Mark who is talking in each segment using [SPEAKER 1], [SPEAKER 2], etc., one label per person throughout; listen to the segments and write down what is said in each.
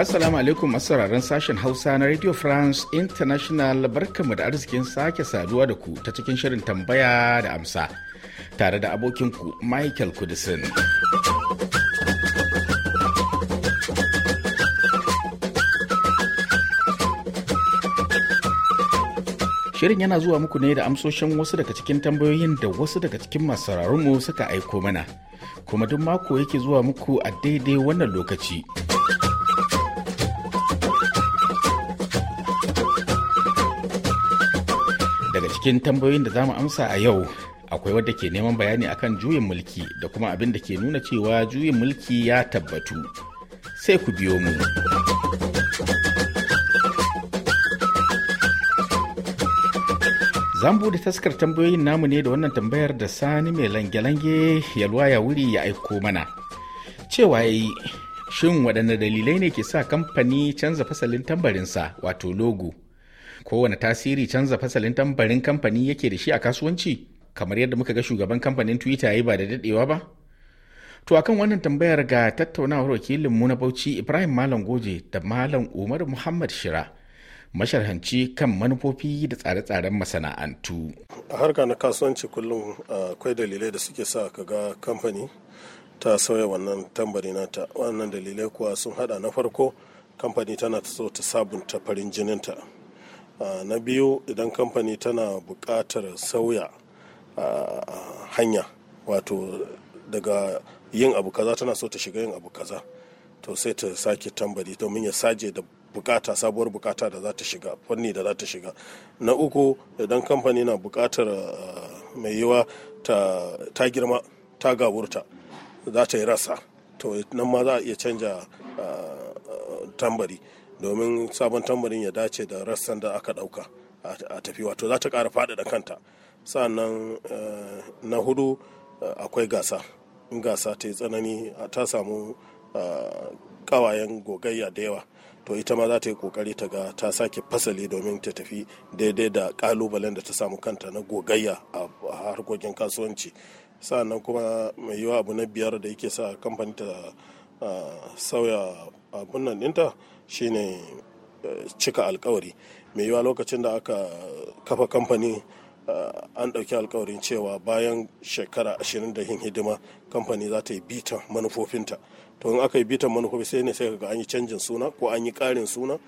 [SPEAKER 1] Assalamu alaikum masararen sashen Hausa na Radio France International barkamu da arzikin sake saduwa da ku ta cikin shirin tambaya da amsa tare da abokinku Michael Kudisin. Shirin yana zuwa muku ne da amsoshin wasu daga cikin tambayoyin da wasu daga cikin masu mu suka aiko mana, kuma duk mako yake zuwa muku a daidai wannan lokaci. Daga cikin tambayoyin da za mu amsa a yau, akwai wadda ke neman bayani akan juyin mulki da kuma abin da ke nuna cewa juyin mulki ya tabbatu. Sai ku biyo mu. Zan buɗe taskar tambayoyin namu ne da wannan tambayar da sani mai lange-lange yalwa ya wuri ya aiko mana. Cewa yi, shin waɗanne dalilai ne ke sa kamfani canza fasalin tambarinsa wato logo? Kowane tasiri canza fasalin tambarin kamfani yake da shi a kasuwanci? Kamar yadda muka ga shugaban kamfanin Twitter yi ba da daɗewa ba? To akan wannan tambayar ga tattaunawar mu na Bauchi Ibrahim Malam Goje da Malam Umar Muhammad Shira. masharhanci kan manufofi da tsare-tsaren masana'antu.
[SPEAKER 2] A harka na kasuwanci kullum akwai dalilai da suke sa ka ga kamfani ta sauya wannan tambari nata. Wannan dalilai kuwa sun hada na farko kamfani tana so ta sabunta farin jininta. Na biyu idan kamfani tana buƙatar sauya hanya wato daga yin abu kaza tana so ta shiga yin abu kaza to sai ta sake tambari domin ya saje da bukata sabuwar bukata da za ta shiga fanni da za ta shiga na uku idan kamfani na bukatar eh, mai yiwa ta girma ta gawurta za ta yi rasa to nan ma za a iya canja eh, tambari domin sabon tambarin ya dace da rassan da aka dauka a tafi wato za ta kara faɗaɗa kanta sannan eh, na hudu akwai gasa in gasa ta yi tsanani ta samu kawayen gogayya da yawa to ita ma za ta yi kokari ta ga ta sake fasali domin ta tafi daidai da kalubalen da ta samu kanta na gogayya a harkokin kasuwanci sa'annan kuma mai yiwa abu na biyar da yake sa kamfani ta sauya abun nan ɗinta shine eh, cika alkawari mai yiwa lokacin da aka kafa kamfani an ɗauki alkawarin cewa bayan shekara ashirin da yin hidima kamfani za ta yi bitan manufofinta to in aka yi bitan manufofi sai ne sai ga an yi canjin suna ko an yi karin suna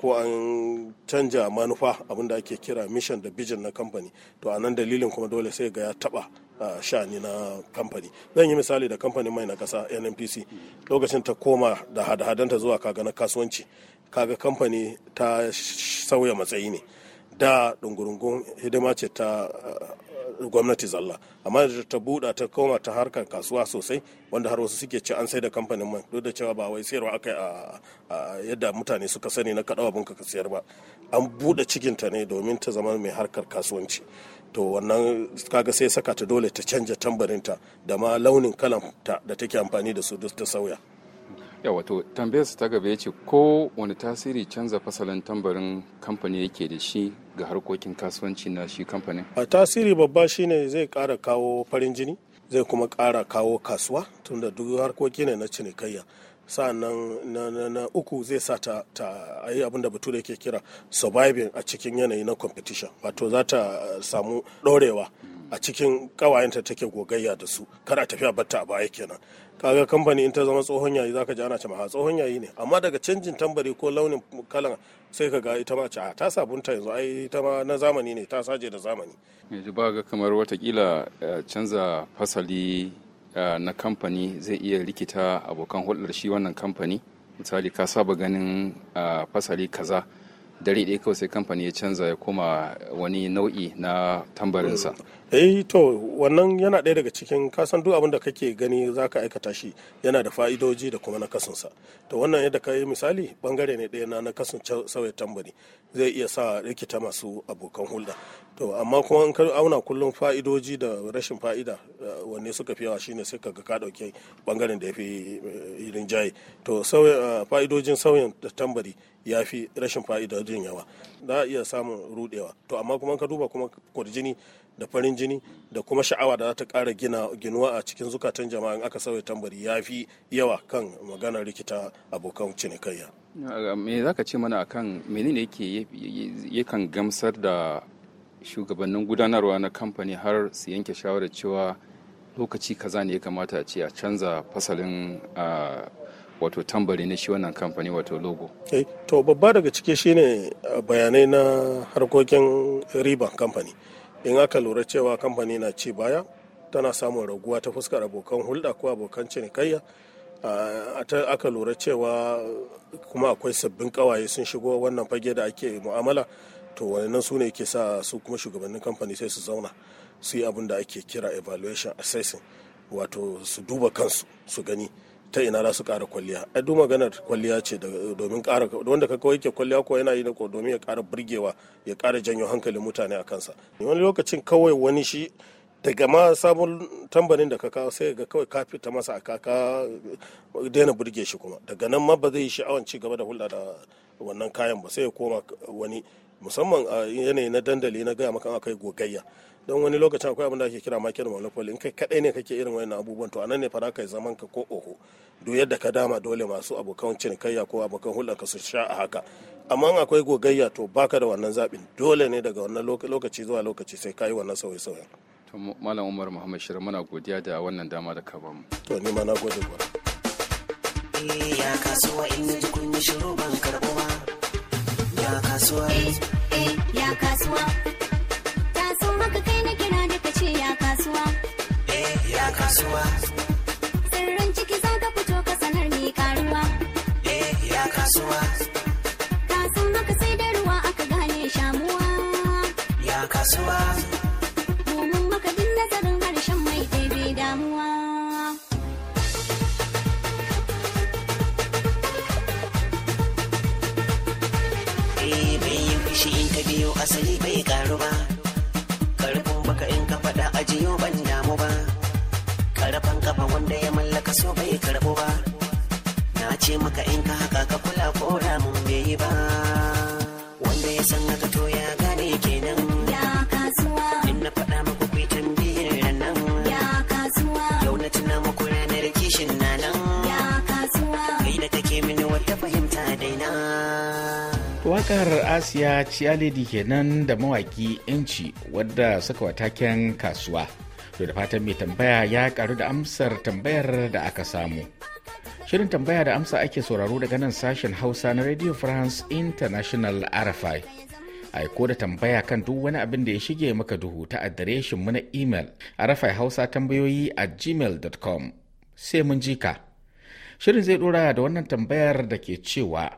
[SPEAKER 2] ko an canja manufa abinda ake kira mission da vision na kamfani to a nan dalilin kuma dole sai ga ya taba shani na kamfani zan yi misali da kamfani mai na kasa nnpc lokacin ta koma da hada-hadanta zuwa kaga na kasuwanci kaga kamfani ta sauya matsayi ne da dungurungun hidima ce ta gwamnati zalla amma da ta buɗa ta koma ta harkar kasuwa sosai wanda har wasu suke ci an sai da kamfanin mai duk da cewa ba wai sayarwa aka a yadda mutane suka sani na kaɗawa bunka ka sayar ba an buɗe ta ne domin ta zama mai harkar kasuwanci to wannan kaga sai saka ta dole ta canja ta da ma launin kalan ta da take amfani da su da ta sauya
[SPEAKER 3] ya wato tambayar ta gaba ya ce ko wani tasiri canza fasalin tambarin kamfani yake da shi ga harkokin kasuwanci na shi kamfanin
[SPEAKER 2] a tasiri babba shine zai kara kawo farin jini zai kuma kara kawo kasuwa tunda duk harkoki ne na cinikayya sa'annan na, na, uku zai sa ta, ta yi abin da bature ke kira surviving a cikin yanayi na competition wato za ta samu ɗorewa a cikin kawayenta take gogayya da su kar a tafi a batta a baya kenan kaga kamfani in ta zama tsohon yayi zaka ji ana ce ha tsohon yayi ne amma daga canjin tambari ko launin kalan sai ka ga ita ma ce ta sabunta yanzu ai ita ma na zamani ne ta saje da zamani
[SPEAKER 3] yanzu ba ga kamar watakila eh, canza fasali eh, na kamfani zai iya rikita abokan hulɗar shi wannan kamfani misali ka saba ganin eh, fasali kaza dare ɗaya kawai sai kamfani ya canza ya koma wani nau'i na tambarinsa
[SPEAKER 2] eh to wannan yana ɗaya daga cikin kasan duk abin da kake gani za ka aikata shi yana da fa'idoji da kuma nakasunsa to wannan yadda ka yi misali ɓangare ne ɗaya na nakasun sauya tambari zai iya sa rikita masu abokan hulɗa to amma kuma in ka auna kullum fa'idoji da rashin fa'ida eh, wanne suka fi yawa shine sai kaga ka dauke bangaren da yafi fi irin eh, jaye to eh, fa'idojin sauyin tambari ya fi rashin jin yawa za a iya samun rudewa to amma kuma ka duba kuma kwarjini da farin jini da kuma sha'awa da za ta kara gina ginuwa a cikin zukatan jama'a in aka sauya tambari ya fi yawa kan magana rikita abokan cinikayya
[SPEAKER 3] me za ka ce mana akan menene yake yakan gamsar da shugabannin gudanarwa na kamfani har su yanke shawarar cewa lokaci kaza ne ya kamata a ce a canza fasalin wato tambari na shi wannan kamfani wato logo.
[SPEAKER 2] Eh, to babba daga ciki shine bayanai na harkokin riba kamfani in aka lura cewa kamfani na ci baya tana samun raguwa ta fuskar abokan hulɗa ko abokan cinikayya aka lura cewa kuma akwai sabbin kawaye sun shigo wannan fage da ake mu'amala to wannan su ne ke sa su kuma shugabannin kamfani sai su zauna su yi abin da ake kira evaluation assessing wato su duba kansu su gani ta ina za su kara kwalliya ai duk maganar kwalliya ce domin kara wanda ka kawai ke kwalliya ko yana yi ko domin ya kara burgewa ya kara janyo hankalin mutane a kansa wani lokacin kawai wani shi daga ma sabon tambarin da ka kawo sai ga kawai ka fita masa aka ka daina burge shi kuma daga nan ma ba zai yi sha'awan ci gaba da hulɗa da wannan kayan ba sai ya koma wani musamman a yanayi na dandali na gaya maka akai gogayya don wani lokacin akwai abin da ake kira makin monopoly in kai kadai ne kake irin wani abubuwan to anan ne fara kai zaman ka ko oho do yadda ka dama dole masu abokan cinikayya ko abokan hulɗar ka su sha a haka amma akwai gogayya to baka da wannan zaɓin dole ne daga wannan lokaci zuwa lokaci sai ka yi wannan sauye-sauyen. malam
[SPEAKER 3] umar muhammad shirin muna godiya da wannan dama da ka bamu. to ni ma na gode gwara.
[SPEAKER 4] Eh, ya kasuwa in ji kun shiru ban karɓo ba. ya kasuwa eh, ya kasuwa ce maka in ka haka ka kula ko ramin bai yi ba wanda ya san haka to ya gane kenan ya kasuwa in na faɗa muku ku tambiyar nan ya kasuwa yau na tuna muku ranar kishin na nan ya kasuwa kai da kake mini wata fahimta daina
[SPEAKER 1] wakar asiya ciyaledi kenan da mawaki yanci wadda suka wataken kasuwa to da fatan mai tambaya ya karu da amsar tambayar da aka samu Shirin tambaya da amsa ake sauraro daga nan sashen Hausa na Radio France International RFI. Aiko da tambaya kan duk wani abin da ya shige maka duhu ta adireshin mu na email a rafai hausa tambayoyi a gmail.com sai mun ji ka Shirin zai dora da wannan tambayar da ke cewa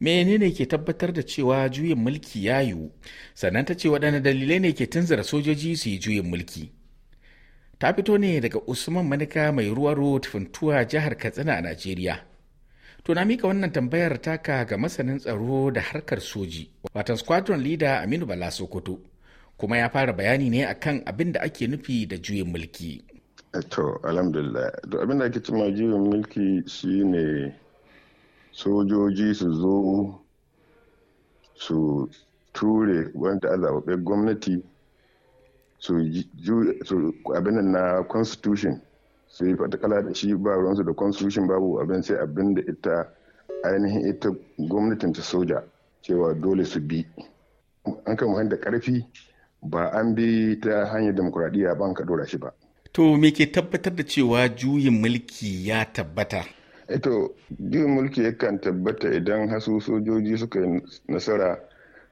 [SPEAKER 1] menene ke tabbatar da cewa juyin mulki ya yiwu sannan ta ce waɗanne dalilai ne ke tunzara sojoji su yi juyin mulki. ta fito ne daga usman manika mai ruwa road jihar katsina a najeriya to na mika wannan tambayar taka ga masanin tsaro da harkar soji watan squadron leader aminu bala sokoto kuma ya fara bayani ne akan abin da ake nufi da
[SPEAKER 5] juyin mulki eh, to alhamdulillah to abin da ake cima juyin mulki shine sojoji su zo su ture wanda allah gwamnati su abin na constitution su yi fatakala da shi ba ruwansu da constitution babu abin sai abin da ita ainihin ita gwamnatin ta soja cewa dole su bi an kan da karfi ba an bi ta hanyar demokuraɗiyya ba an ka dora shi ba
[SPEAKER 1] to me ke tabbatar da cewa juyin mulki ya tabbata
[SPEAKER 5] ito eh juyin mulki yakan tabbata idan hasu sojoji suka yi nasara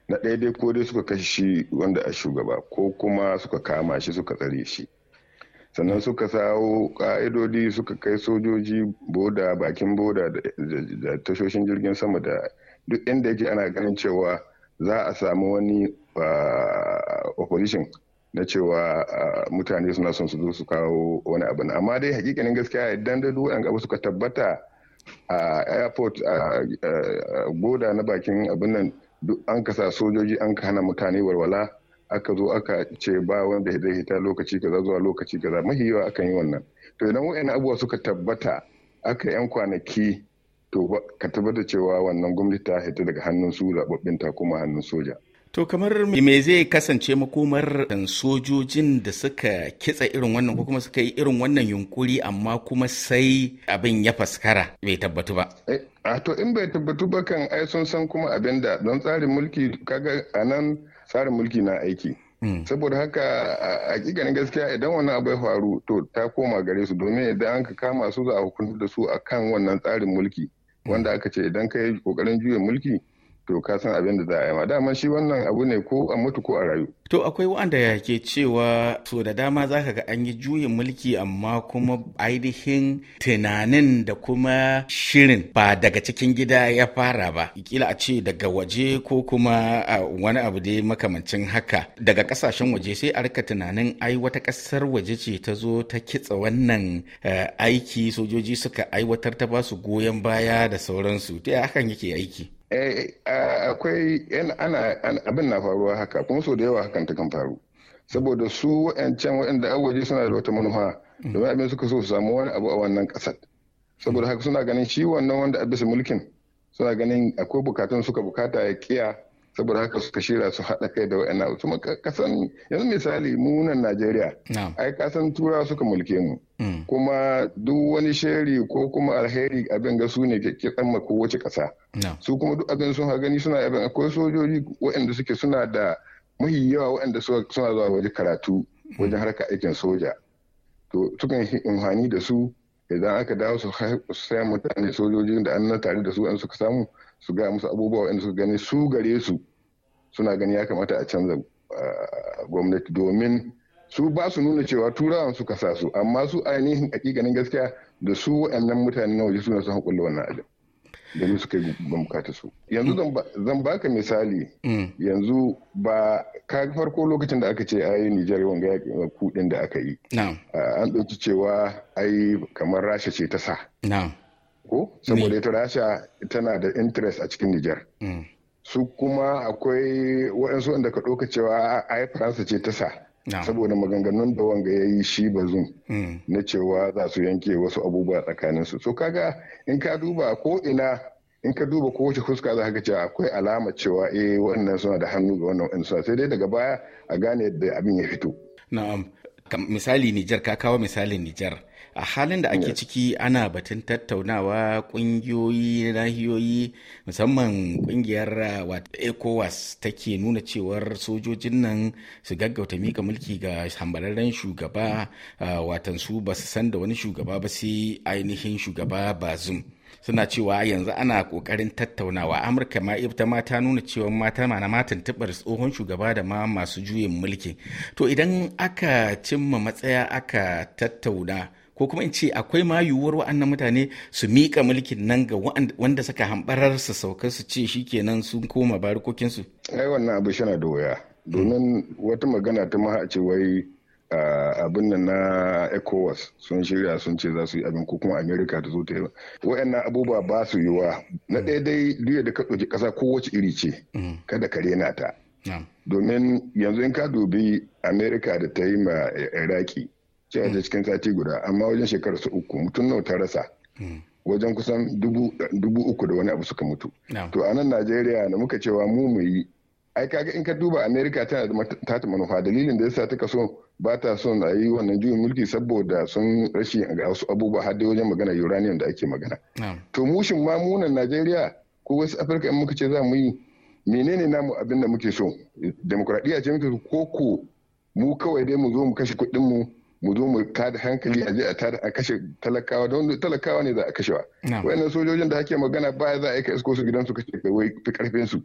[SPEAKER 5] na ɗaya dai ko dai suka kashe shi wanda a shugaba ko kuma suka kama shi suka tsare shi sannan suka sawo ƙa'idodi suka kai sojoji boda bakin boda da tashoshin jirgin sama da duk inda yake ana ganin cewa za a samu wani opposition na cewa mutane suna son su zo su kawo wani abu amma dai hakikanin gaskiya idan da duk gaba suka tabbata a airport a boda na bakin abin nan duk an kasa sojoji an ka hana mutane walwala aka zo aka ce ba wanda zai hita lokaci kaza zuwa lokaci kaza mafi yawa akan yi wannan to idan wa'in abubuwa suka tabbata aka yan kwanaki to ka tabbata cewa wannan gwamnati ta hita daga hannun su zaɓaɓɓinta kuma hannun soja
[SPEAKER 1] To kamar me zai kasance makomar sojojin da suka kitsa irin wannan ko kuma suka yi irin wannan yunkuri amma kuma sai abin ya faskara bai tabbatu ba.
[SPEAKER 5] Eh, a to in bai tabbatu ba kan ai sun san kuma abin da don tsarin mulki kaga a nan tsarin mulki na aiki. Hmm. Saboda haka a hakikanin gaskiya idan wani abu ya faru to ta koma gare su domin idan an ka kama su za a hukunta da su akan wannan tsarin mulki hmm. wanda aka ce idan ka yi kokarin juya mulki to ka san abin da za a yi ma dama shi wannan abu ne ko a mutu ko a rayu.
[SPEAKER 1] To akwai wanda ke cewa so da dama za ka ga an yi juyin mulki amma kuma ainihin tunanin da kuma shirin ba daga cikin gida ya fara ba. Kila a ce daga waje ko kuma wani abu dai makamancin haka. Daga kasashen waje sai a rika tunanin ai wata kasar waje ce ta zo ta kitsa wannan aiki sojoji suka aiwatar ta ba su goyon baya da sauransu. Ta hakan yake aiki?
[SPEAKER 5] akwai abin na faruwa haka kuma so da yawa hakan ta kan faru saboda su wa'ancan a waje suna da wata manufa domin abin suka so su samu wani abu a wannan kasar saboda haka suna ganin shi wannan wanda a bisa mulkin suna ganin akwai bukatun suka bukata ya kiya saboda haka suka shirya su haɗa kai da wa'annan abu kuma kasan yanzu misali nan najeriya ai kasan tura suka mulke mu mm. kuma duk wani sheri ko kuma alheri abin ga su ne ke tsamma kowace ƙasa su kuma duk abin sun gani suna abin akwai sojoji wa'anda suke suna da mahi yawa wa'anda suna zuwa waje karatu mm. wajen harka aikin soja to sukan yi amfani da su idan aka dawo su sai mutane sojojin da an na tare da su an suka samu su ga musu abubuwa wanda suka gani su gare su suna gani ya kamata a canza gwamnati domin su ba su nuna cewa turawan su sa su amma su ainihin hakikanin gaskiya da su waɗannan mutane na waje suna sun haƙulla wannan abin domin suka yi bukata su yanzu zan baka misali mm. yanzu ba ka farko lokacin da aka ce yi Nijar wanga ya kudin da aka yi an ɗauki cewa ai kamar Rasha ce ta sa ko saboda ita rasha tana da interest a cikin nijar mm. su kuma akwai waɗansu wanda ka ɗauka cewa yi faransa ce ta sa saboda maganganun da wanga ya yi shi ba zun. Mm. na cewa za su yanke wasu abubuwa tsakaninsu so kaga in ka duba ko ina in ka duba kowace fuska za ka cewa akwai alama cewa eh wannan suna da hannu ga wannan suna sai dai daga baya a gane yadda abin ya fito
[SPEAKER 1] misali Nijar ka kawo misalin Nijar a halin da ake ciki ana batun tattaunawa kungiyoyi nahiyoyi musamman kungiyar ecowas take nuna cewar sojojin nan su gaggauta mika mulki ga hambararren shugaba watan su ba su san da wani shugaba ba sai ainihin shugaba bazum suna cewa yanzu ana kokarin tattaunawa amurka ma mata ma nuna cewa mata na matan tabar tsohon shugaba da ma masu juyin mulki to idan aka cimma matsaya aka tattauna ko kuma in ce akwai ma yiwuwar wa'annan mutane su miƙa mulkin nan ga wanda suka hambarar su saukar su ce shikenan sun koma barikokinsu
[SPEAKER 5] ai wannan abu shana da wuya domin wata magana ta maha ce wai abin nan na ecowas sun shirya sun ce za su yi abin ko kuma america ta zo ta yi wa'annan abubuwa ba su yi wa. na ɗaya dai duk da ka ɗauki ƙasa kowace iri ce mm. kada ka rena ta domin yanzu in ka dubi america da ta yi ma e, iraki cewa mm. cikin sati guda amma wajen shekarar su uku mutum nawa ta rasa mm. wajen kusan dubu uku da wani abu suka mutu to a nan najeriya da muka cewa mu mu yi ai kaga in ka duba america tana da tata manufa dalilin da yasa ta kaso ba ta son a yi wannan juyin mulki saboda sun rashin ga wasu abubuwa har dai wajen magana uranium da ake magana to mushin ma munan najeriya ko wasu afirka in muka ce za mu yi menene namu abin da muke so demokradiyya ce muke ko ko mu kawai dai mu zo mu kashe kuɗin mu mu zo mu tada hankali a je a tada a kashe talakawa don talakawa ne za a kashewa wayannan sojojin da ake magana baya za a aika isko su gidansu kashe kai wai fi karfin su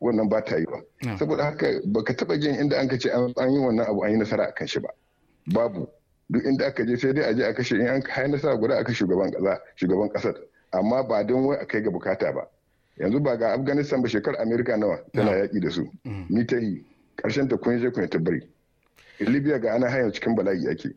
[SPEAKER 5] wannan ba ta yi ba saboda haka baka taba jin inda an ce an yi wannan abu an yi nasara kan shi ba babu duk inda aka je sai dai a je a kashe in an kai nasara guda aka shugaban kasa shugaban kasar amma ba don wai a kai ga bukata ba yanzu ba ga afghanistan ba shekar america nawa tana yaki da su mm. ni ta yi karshen ta kun je kun ta bari libya ga ana hanyar cikin bala'i ake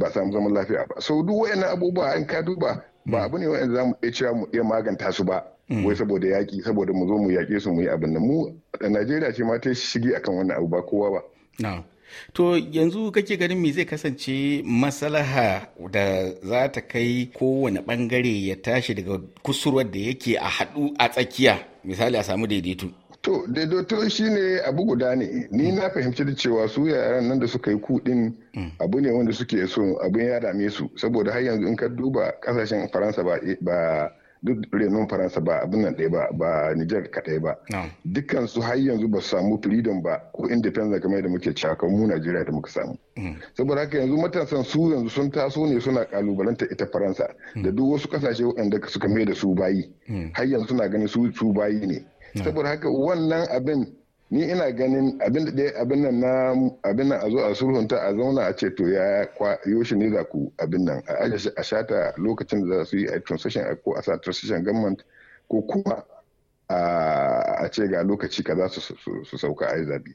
[SPEAKER 5] ba samu zaman lafiya ba so duk wayannan abubuwa in ka duba ba mm. abu ne wanda za mu iya cewa mu iya maganta su ba Mm. wai saboda yaƙi saboda mu zo mu yaƙe su mu yi abin da mu a najeriya ce ma ta shige akan wannan abu ba kowa ba
[SPEAKER 1] to yanzu kake ganin me zai kasance maslaha da za ta kai kowane bangare ya tashi daga kusurwar da yake a haɗu a tsakiya misali a samu daidaito
[SPEAKER 5] to daidaito shine abu guda ne ni mm. na fahimci da cewa su yaran nan da suka yi kudin mm. abu ne wanda suke so abin ya dame su saboda har yanzu in ka duba kasashen faransa ba duk renon faransa ba abin nan ɗaya ba ba niger kaɗai ba dukkan su har yanzu ba su samu freedom ba ko independence kamar da muke cewa mu najeriya da muka samu mm. saboda haka yanzu matasan su yanzu sun taso ne suna kalubalanta ita faransa mm. da duk wasu kasashe waɗanda suka mai da su bayi mm. har yanzu suna ganin su su bayi ne saboda haka wannan abin ni ina ganin abin da abin nan na abin nan a zo a sulhunta a zauna a ce to ya yoshi ne za ku abin nan a aje a shata lokacin da za su yi a transition ko a sa transition government ko kuma a ce ga lokaci kaza su sauka a yi zabi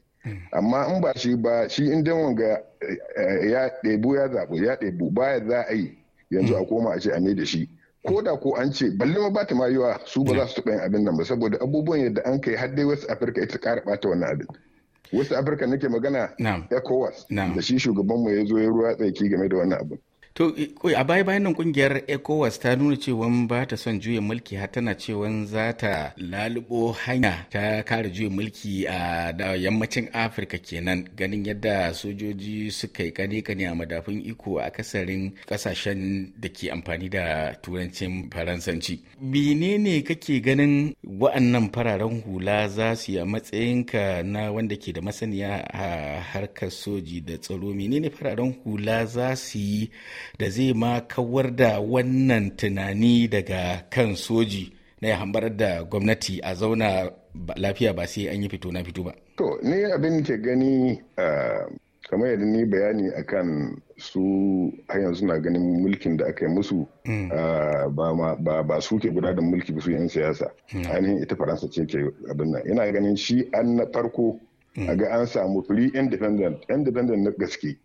[SPEAKER 5] amma in ba shi ba shi in dan wanga eh, ya ɗebo ya zaɓu ya ba baya za a yi yanzu a koma a ce a ne da shi ko da ko an ce balle ma bata ma yiwa su ba za su taɓa yin abin nan ba saboda abubuwan yadda an kai har dai wasu afirka ita ƙara ɓata wannan abin wasu afirka nake magana ecowas da shi shugabanmu ya zo ya ruwa tsaki game da wannan abin
[SPEAKER 1] To a baya bayan nan kungiyar ECOWAS ta nuna cewa ba ta son juyin mulki har tana cewa za ta lalubo hanya ta kare juyin mulki a yammacin Afirka kenan ganin yadda sojoji suka yi kane kane a madafun iko a kasarin kasashen da ke amfani da turancin faransanci. Menene kake ganin wa'annan fararen hula za su yi a matsayinka na wanda ke da masaniya a harkar soji da tsaro menene fararen hula za su yi da zai ma kawar da wannan tunani daga kan soji na ya hambarar da gwamnati a zauna lafiya ba sai an yi fito na fito ba.
[SPEAKER 5] To, ni abin ke gani kamar yadda ni bayani akan su hanyar suna ganin mulkin da aka yi musu mm. ba su ke guda da mulki ba su yan siyasa mm. ainihin ita faransa ce ke abin nan ina ganin shi an na farko mm. a ga an samu free independent independent na gaske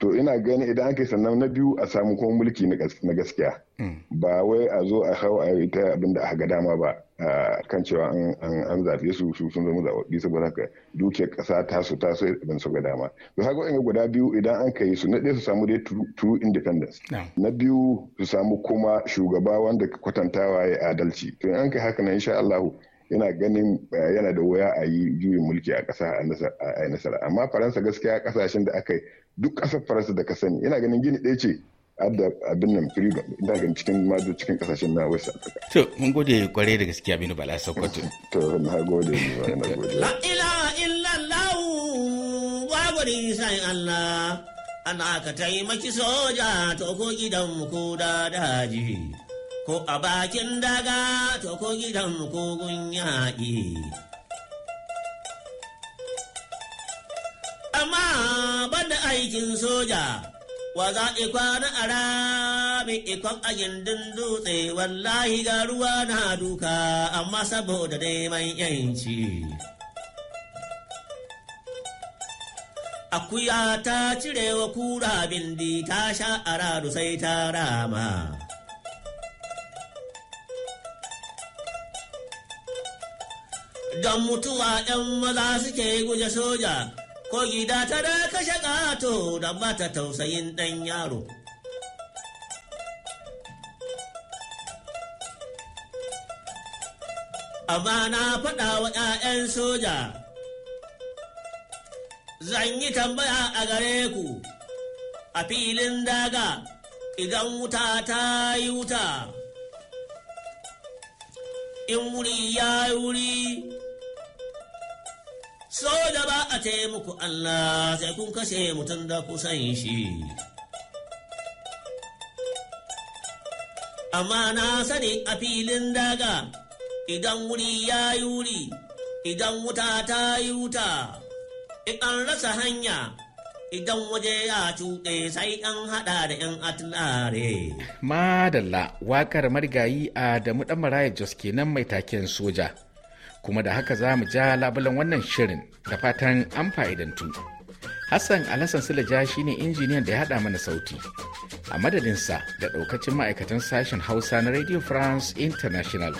[SPEAKER 5] to ina gani idan aka yi sannan na biyu a samu kuma mulki na gaskiya mm. ba wai a zo a hau a yi ta abin da aka dama ba kan cewa an zaɓe su su sun zama zaɓaɓɓi saboda haka dukiyar ƙasa ta su ta su abin su ga dama to haka wani guda biyu idan an kai su na ɗaya su samu dai true independence na biyu su samu kuma shugaba wanda kwatantawa ya adalci to in an kai haka na insha Allah yana ganin eh, yana da wuya a yi juyin mulki a ƙasa a nasara amma faransa gaskiya ƙasashen da aka yi duk ƙasar faransa da ka sani yana ganin gini ɗaya ce adda abin nan freedom ina ganin cikin madu cikin ƙasashen na west africa
[SPEAKER 1] to mun gode kwarai da gaskiya binu bala sokoto to na gode na gode la ilaha
[SPEAKER 4] illallah babu risan allah ana ka taimaki soja to ko gidan ku da daji ko a bakin daga to ko gidan kogun yaƙi. Amma banda aikin soja, wa za a ikwana a rami ikon a gindin dutse wallahi ga ruwa na duka amma saboda neman yanci. Akuya ta cirewa kura bindi ta sha a sai ta rama. Don mutuwa ‘yan maza suke guje soja, ko gida ta da kashe ƙato da ba tausayin ɗan yaro. Amma na faɗa wa ‘ya'yan soja, zan yi tambaya a gare ku, a filin daga idan wuta ta yi wuta. in wuri ya yi wuri so da ba a ce muku Allah sai kun kashe mutum da kusan shi. Amma na sani a filin daga idan wuri ya yi wuri, idan wuta ta yi wuta, idan rasa hanya. idan waje ya cuɗe sai ɗan haɗa da 'yan atlare.
[SPEAKER 1] Madalla waƙar marigayi a da muɗan maraya Jos kenan mai taken soja. kuma da haka za mu ja labulan wannan shirin da fatan an fa'idantu. Hassan Alhassan Silaja shine injiniyan da ya haɗa mana sauti. A madadinsa da ɗaukacin ma'aikatan sashen Hausa na Radio France International,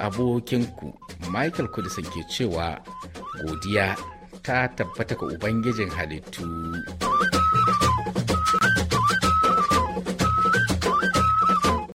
[SPEAKER 1] abokinku Michael Kudisan ke cewa godiya ta tabbata ka Ubangijin halittu.